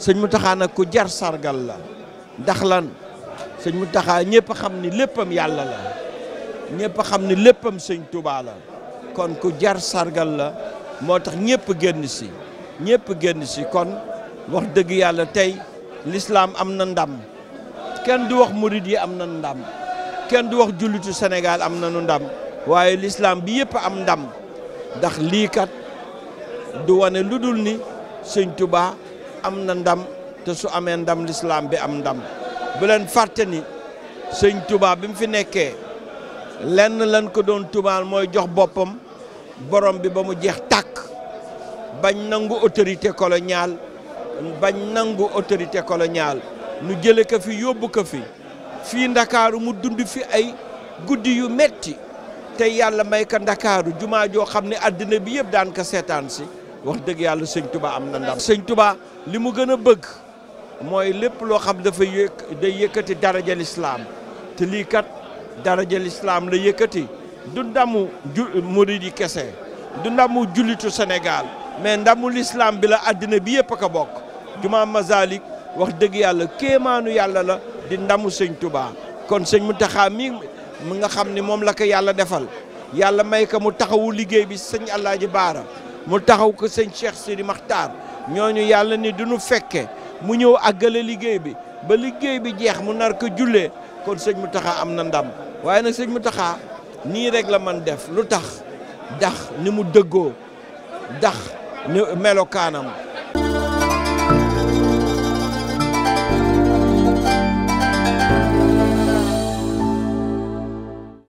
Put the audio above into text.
sëñ Mountakha nag ku jar sargal la ndax lan sëñ taxaa ñëpp xam ni léppam yàlla la ñëpp xam ni léppam sëñ Touba la kon ku jar sargal la moo tax ñëpp génn si ñëpp génn si kon wax dëgg yàlla tey lislaam am na ndam kenn du wax murid yi am na ndam kenn du wax jullitu Sénégal am na nu ndam waaye lislaam bi yëpp am ndam ndax lii du wane lu dul ni sëñ Touba. am na ndam te su amee ndam lislaam bi am ndam bu leen ni sëñ Tuubaa bi mu fi nekkee lenn lan ko doon tubaal mooy jox boppam borom bi ba mu jeex tàkk bañ nangu autorité coloniale bañ nangu autorité coloniale nu jële ko fi yóbbu ko fi fii ndakaaru mu dund fi ay guddi yu metti te yàlla may ko ndakaaru jumaa joo xam ne àddina bi yëpp daan ko seetaan si wax dëgg yàlla sëñ Tuubaa am na ndam sëñ Tuubaa li mu gën a bëgg mooy lépp loo xam dafa yëkk day yëkkati daraja lislaam te lii kat daraja lislaam la yëkkati du ndamu ju murid kese du ndamu julitu senegal mais ndamu lislaam bi la àddina bi yëpp a ko bokk jumaa Masalik wax dëgg yàlla kéemaanu yàlla la di ndamu sëñ Touba kon sëñ mu mi mu nga xam ni moom la yàlla defal yàlla may ko mu taxawu liggéey bi sëñ Alaaji Baara mu taxaw ko sëñ Cheikh Sidi Makhtar ñooñu yàlla ni duñu fekke mu ñëw àggale liggéey bi ba liggéey bi jeex mu nar ko jullee kon sëñ Mountakha am na ndam waaye nag sëñ Mountakha nii rek la man def lu tax dax ni mu dëggoo dax ni melokaanam